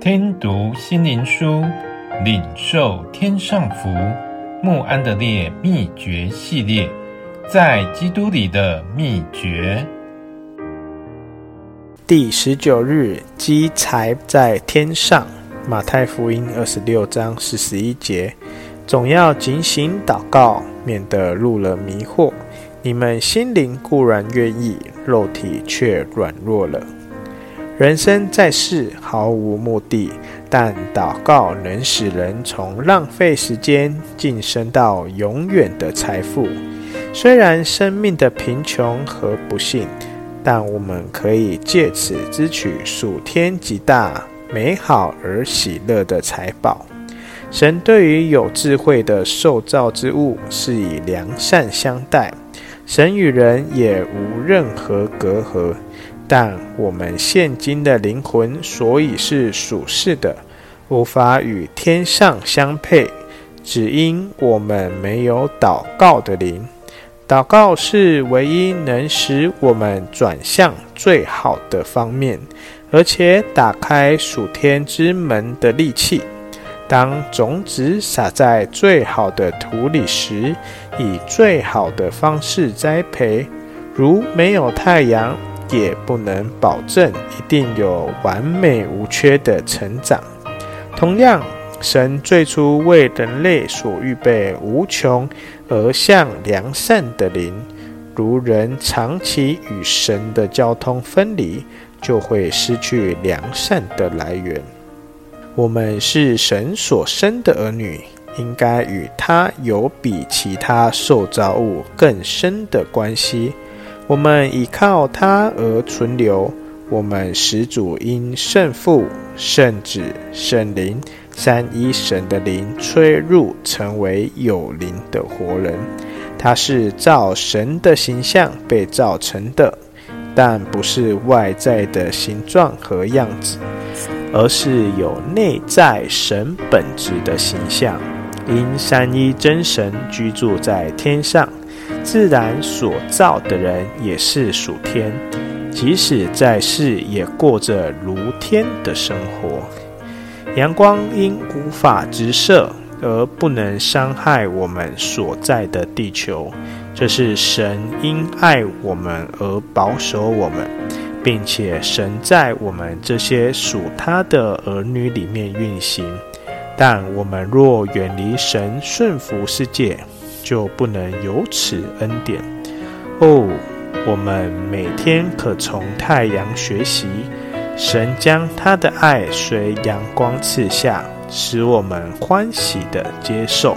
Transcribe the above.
聽讀心靈書，領受天上福。慕安德烈秘訣系列，在基督裡的秘訣。第十九日，積財在天上。馬太福音二十六章四十一節：總要儆醒禱告，免得入了迷惑。你們心靈固然願意，肉體卻軟弱了。人生在世毫無目的，但禱告能使人從浪費時間進深到永遠的財富。雖然生命的貧窮和不幸，但我們可以借此支取屬天極大、美好而喜樂的財寶。神對於有智慧的受造之物是以良善相待，神與人也無任何隔閡。但我們現今的靈魂所以是屬世的，無法與天上相配，只因我們沒有禱告的靈。禱告是唯一能使我們轉向最好的方面，而且打開屬天之門的利器。當種子撒在最好的土裡時，以最好的方式栽培。如沒有太陽。也不能保證一定有完美無缺的成長。同樣，神最初為人類所預備無窮而向良善的靈，如人長期與神的交通分離，就會失去良善的來源。我們是神所生的兒女，應該與他有比其他受造物更深的關係。我們依靠他而存留。我們始祖因聖父、聖子、聖靈三一神的靈吹入，成為有靈的活人。他是照神的形象被造成的，但不是外在的形狀和樣子，而是有內在神本質的形象。因三一真神居住在天上。自然所造的人也是屬天，即使在世也過着如天的生活。陽光因無法直射而不能傷害我們所在的地球，這、就是神因愛我們而保守我們，並且神在我們這些屬他的兒女裡面運行。但我們若遠離神，順服世界。就不能有此恩典哦。Oh, 我們每天可從太陽學習，神將他的愛隨陽光賜下，使我們歡喜地接受。